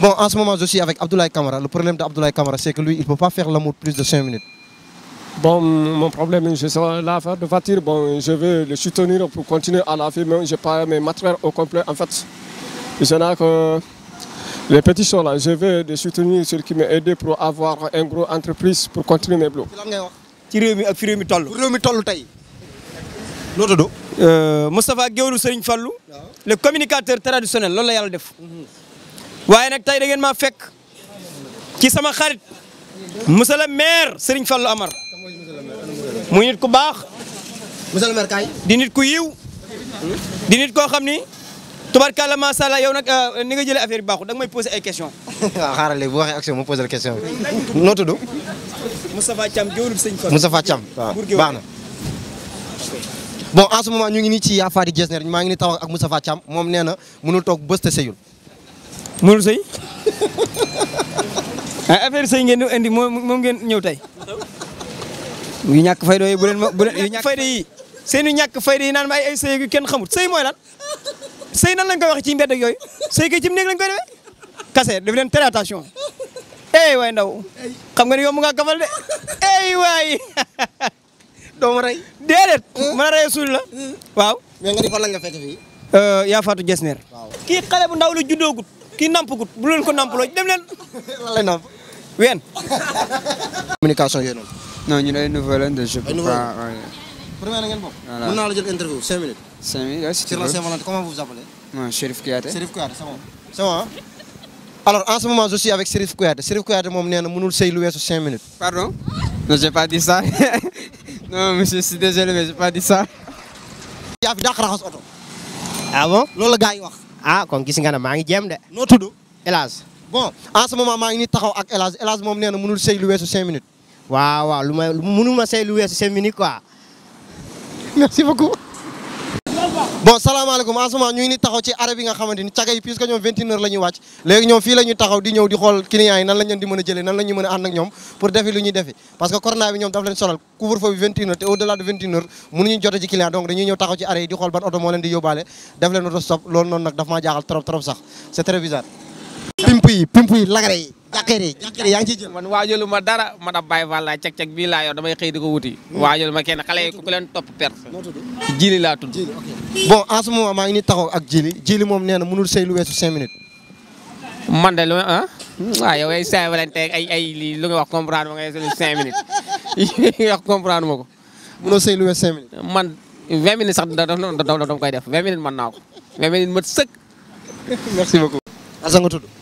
Bon, en ce moment, je suis avec Abdoulaye Kamara. Le problème d'Abdoulaye Kamara, c'est que lui, il peut pas faire l'amour plus de 5 minutes. Bon, mon problème, je suis là affaire de voiture. Bon, je veux le soutenir pour continuer la vie, mais je n'ai pas mes matériels au complet. En fait, je n'ai que les petits choses là. Je veux le soutenir, ceux qui m'ont aidé pour avoir une grosse entreprise pour continuer mes blocs. ci réew mi ak euh, le communicateur traditionnel loolu la yàlla def. Mhm. waaye nag tey da ngeen maa fekk ci sama xarit monsieur le maire Serigne Fallou Amar muy nit ku baax. monsieur kaay di nit ku yiw di nit koo xam ni tubarkalla macha allah yow nag euh, ni nga jëlee affaire bi baaxul da nga may posé ay questions. waaw xaaral léegi bu waxee action mu posé la question bi noo tudd. Moustapha Thiam jëwlu Serigne Fallou. bon en ce moment ñu ngi nii ci Yafaari Jesner maa ngi ni ak Moustapha Thiam moom nee na mënul toog bës te seyul mënul sëy ay ah, affaire sëy ngeen di indi moom ngeen ñëw tey yu ñàkk fayda yi bu leen bu leen ñàkk fayda yi seen naan ma ay ay sëy yu kenn xamut sëy mooy lan sëy nan lañ koy waxee ci mbedd ak yooyu sëy kay ci kase daf leen tere attention ey eh waay ndaw xam nga ni yomb nga kafal de ey eh waay doo ma rey déedéet mën a rey suul hmm. waaw mais nga ni fan la nga jesner euh, kii xale bu ndaw la juddoogut kii nampagut bu leen ko nampaloo dem leen. lan lay namp ween. communication yooyu noonu. non la ngeen bokk. voilà mën naa la jël interview 5 minutes. 5 minutes oui si tu veux. alors en ce moment je suis avec Chérif Kouyaté Chérif Kouyaté moom nee na mënul sëy lu weesu 5 minutes. pardon. non j'ai pas dit ça non monsieur je suis désolé mais j'ai pas dit ça. yaa fi dàq raxas ah bon ah kon gis nga ne maa ngi jéem de. noo tudd El Hadj bon en ce moment maa ngi ni taxaw ak El Hadj El Hadj moom nee na mënul sëy lu weesu cinq minutes. waa waaw lu ma mënul ma sëy lu weesu cinq minutes quoi merci beaucoup. bon salaamaaleykum en ce moment ñu ni taxaw ci arrêt bi nga xamante ni caga yi puisque ñoom 21 heures la ñoom fii la taxaw di ñëw di xool clients nan lañ di mën a jëlee nan la ñuy a ànd ak ñoom pour defi lu ñuy defi parce que corona bi ñoom daf leen solal couvre-feu bi te au delà de 21 heures mënuñu jote ci client donc dañuy ñëw taxaw ci arrêt yi di xool ban oto moo leen di yóbbaale def leen oto stop loolu noonu nag daf maa jaaxal trop jàkkaare jàkkaare yaa ngi ciy jël man waajalu ma dara man ab Baye Fall cek cek bii laa yor damay xëy di ko wuti hmm. waajalu ma kenn xale yi ku leen topp perte jili laa tudd bon en ma maa ngi ni taxaw ak jili jili moom nee na mënul sëy lu weesu cinq minutes man de lu ma ah waaw yow ay Saint Valentin ay ay lii lu nga wax comprendre ma ngay sëy cinq minutes yi wax comprendre ma ko mënoo sëy lu weesu cinq minutes man vingt minutes sax da dam koy def vingt minutes mën naa ko vingt minutes mat sëkk merci beaucoup asa nga tudd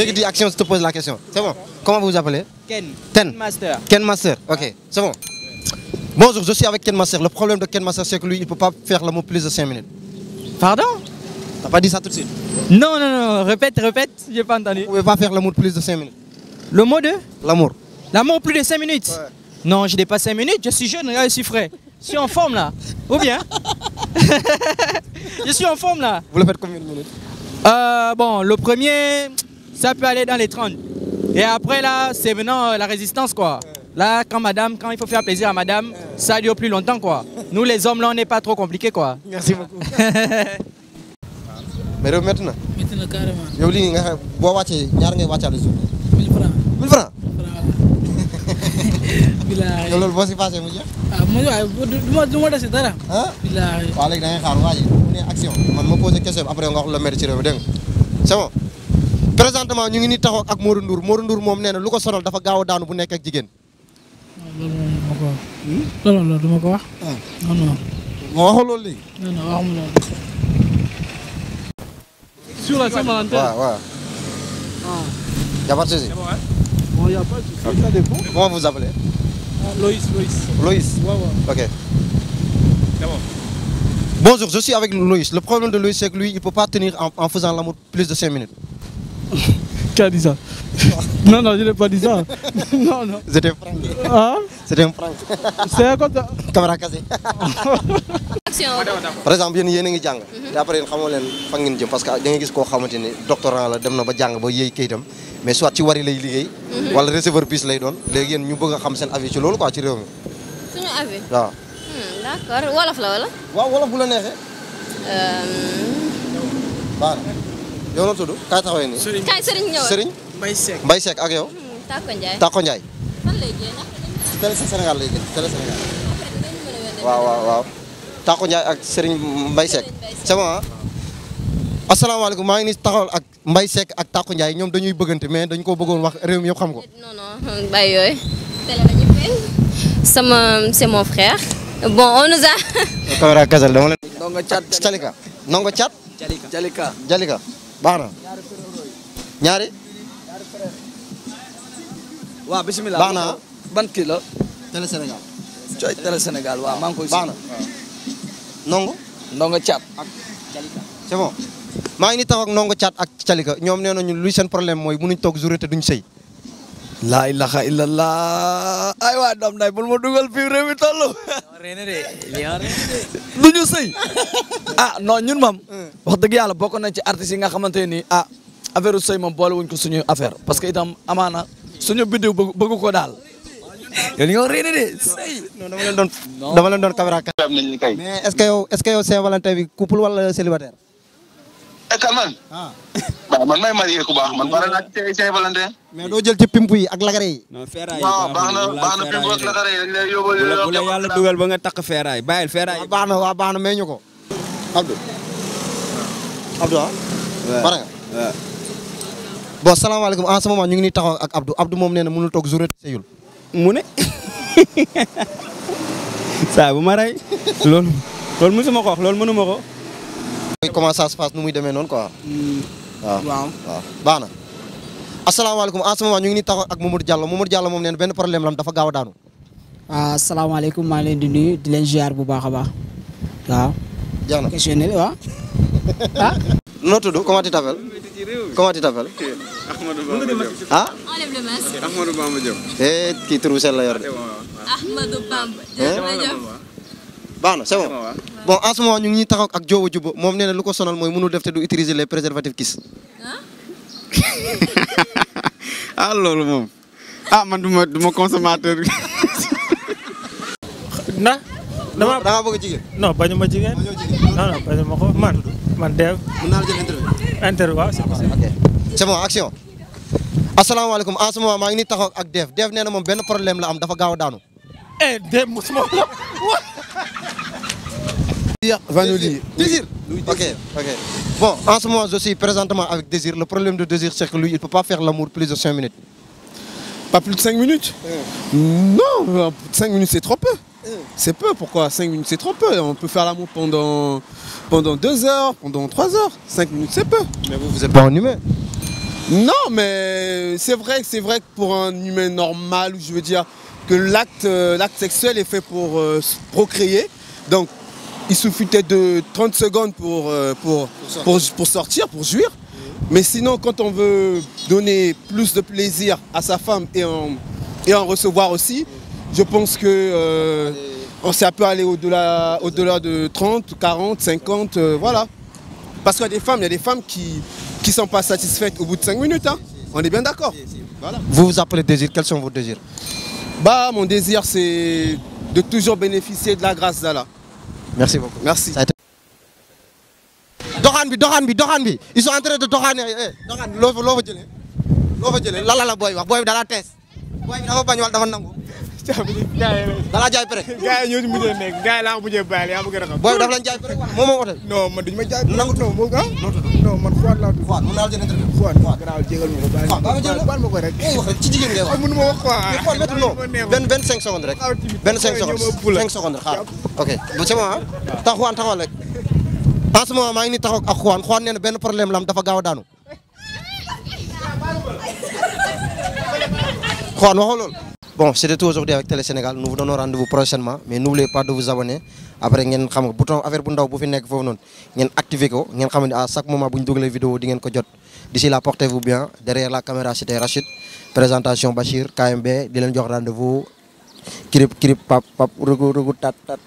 léegi di action je te pose la question c'est bon comment vous vous appelez. Ken Ten Master. Ken Master ok c'est bon. bonjour je suis avec Ken Master le problème de Ken Master c'est que lui il peut pas faire le mot plus de cinq minutes. pardon. t'as pas dit ça tout de suite. non non non répète répète j'ai pas entendu. vous pouvez pas faire le mot plus de cinq minutes. le mot de. l'amour. l'amour plus de cinq minutes. Ouais. non je n'ai pas cinq minutes je suis jeune là je suis frais. je suis en forme là ou bien. je suis en forme là. vous le faites combien de minutes. Euh, bon le premier. ca peut aller dans les 30. Et après, là, c'est venant euh, la résistance, quoi. Là, quand madame, quand il faut faire plaisir à madame, ça dure plus longtemps, quoi. Nous, les hommes, là, n'est pas trop compliqués, quoi. Merci beaucoup. mais rew métti na. métti na carrément. yow lii nga xam boo wàccee ñaar ngay wàccaale suuf. 1000 francs. 1000 francs. bilaay loolu boo si passé mu jeex. ah mu waaye du ma du ma dese dara. ah bilaay. waaw léegi da la métti ci réew présentement ñu ngi ni taxaw ak Modou Ndour Modou Ndour moom nee lu ko sonal dafa gaaw a bu nekk ak jigéen. Ah. waaw waaw. jabar ah. si si. bon y' a pas de. ça ah, ok. bonjour je avec Loïs le problème de Loïs c'est lui il peut pas tenir en en faisant l'amour plus de cinq minutes. Qui a no ça Non, non, je n'ai pas dit ça. Non, non. C'était franc. Ah? C'est un compte. Camara cassé. par exemple yéen yéen a ngi jàng. te après yéen xamoo leen fa ngeen jëm parce que da ngay gis koo xamante ni doctorant la dem na ba jàng ba yéey kayitam mais soit ci wari lay liggéey. Mhm. wala receveur bis lay doon. léegi yéen ñu bëgg a xam seen avis ci loolu quoi ci réew mi. suñu hmm, wolof la wolof bu la yow noo tudd kaay taxawee nii. Serigne kaay Serigne ñëw Serigne. Mbaye Seck Mbaye Seck ak yow. Hmm, Tako Ndiaye Tako Ndiaye. fan lay génn. Télé Sénégal lay génn Télé Sénégal. waaw waaw waaw. Tako Ndiaye ak Serigne Mbaye Seck. c'est bon asalaamaaleykum maa ngi ni taxawal ak Mbaye Seck ak Tako Ndiaye ñoom dañuy bëggante mais dañ ko bëggoon wax réew mi xam ko. Eh, non non bàyyi yooyu. sama c'est mon frère. bon on nous a. caméra Kassal dama leen. Ndongo Jalika Ndongo Thiat. Jalika. baax na ñaari. waaw bisimilah ban kii la. Télé Sénégal. cooy Télé Sénégal waaw maa ngi caat ak calika. c'est maa ngi ni tax ak ndongo caat ak calika ñoom nee nañu luy seen problème mooy mënuñ toog journée te duñ sëy laa ilaha illallah ay waa doom nay bul ma dugal fii réew mi toll. du ñu sëy ah non ñun moom. wax dëgg yàlla bokk na ci artistes yi nga xamante ni ah affaire u sëy moom boole wuñ ko suñu affaire parce que itam amaana suñu biddiw bëggu ko daal. yow li nga wax réeréer de. non dama doon dama leen est ce que yow est ce que yow Saint Valentin bi Kalman. Eh, ah. waaw man may marié ku baax man pare naa ci Saint-Valentin. mais doo jël ci pimp yi ak lagare yi. non feeraay yi baax na baax na pimp ak lagare yi lay yóbbu bu la yàlla dugal ba nga bàyyil feeraay ah, yi. baax na waaw baax na may ñu ko. Abdou. Abdou ah. ñu ngi nii taxaw ak Abdou Abdou moom nee na mënul toog journée seyul. mu ne. bu ma rey. loolu mënuma ko. comment ça se nu muy demee noonu ko hmm. waaw waaw waaw baax na. asalaamaaleykum en ce moment ñu ngi ni taxaw ak Mamadou Diallo Mamadou Diallo moom neen benn problème lam dafa gaaw a daanu. waaw ah, asalaamaaleykum maa leen di di leen ziar bu baax a baax waaw. jeex na question waaw. Ah? noo tudd comment tu t'appelles. comment tu t'appelles. Ah? Ahmadou Bamba Diop ah. Eh, sell la yor de. Eh, baax na c'est bon as en ce moment ñu ngi taxaw ak jooba jubba moom nee lu ko sonal mooy mënul def te du utiliser les préservatifs kiss ah loolu moom ah man duma duma consommateur na dama dama bëgg jigéen non bañu ma jigéen non non bañu ma ko man man deew mën naa la jël interview interview waaw c'est bon action asalaamaaleykum en ce moment maa ngi ni taxaw ak deef deef nee na moom benn problème la am dafa gaaw a daanu eh, va nous dire. Désir. Oui. Ok, ok. Bon, en ce moment, je suis présentement avec Désir. Le problème de Désir, c'est que lui, il ne peut pas faire l'amour plus de 5 minutes. Pas plus de 5 minutes mmh. Non, 5 minutes, c'est trop peu. Mmh. C'est peu, pourquoi 5 minutes, c'est trop peu. On peut faire l'amour pendant, pendant 2 heures, pendant 3 heures. 5 minutes, c'est peu. Mais vous, vous n'êtes pas un humain. Non, mais c'est vrai, c'est vrai que pour un humain normal, je veux dire que l'acte euh, sexuel est fait pour euh, procréer. Donc il suffit peut-être de 30 secondes pour, euh, pour, pour, pour, sortir, pour jouir. Mais sinon, quand on veut donner plus de plaisir à sa femme et en, et en recevoir aussi, je pense que euh, on ça peut aller au-delà au -delà de 30, 40, 50, euh, voilà. Parce qu'il y a des femmes, il y a des femmes qui ne sont pas satisfaites au bout de 5 minutes. Hein. On est bien d'accord. Voilà. Vous vous appelez désir, quels sont vos désirs bah, Mon désir, c'est de toujours bénéficier de la grâce d'Allah. merci beaucoup merci. bi doxaan bi doxaan bi ils sont en train de doxaane eh, eh doxaan bi loo fa loo fa jëlee loo la la booy wax booy bi tees booy bi dafa bañ wala dafa nangu. caabu ji gars yi lañ. da laa jaay pare. gars yi ñoo ci mujjee a xam. booy daf lañ jaay pare moom moo oto. non ma jaay. nangu moom ah. non ma ko bàyyi. Fouad baal ma ko ci jigéen ngay wax. mënu benn benn cinq secondes rek. benn cinq secondes cinq secondes xaar. ok bu sama ah. tax Fouad taxawal rek. en maa ngi nii taxaw ak Fouad Fouad nee benn problème la am dafa gaaw a daanu. Fouad waxoo Bon, c'était tout aujourd'hui avec Télé Sénégal. Nous vous donnons rendez-vous prochainement, mais n'oubliez pas de vous abonner. Après ngeen xam nga bouton bu ndaw bu fi nekk foofu noonu ngeen activer ko ngeen xam ne à chaque moment bu ñu dugalee vidéo di ngeen ko jot. D'ici là, portez-vous bien. Derrière la caméra, c'était Rachid. Présentation Bachir, KMB di leen jox rendez Kirip kirip pap pap rugu tat tat.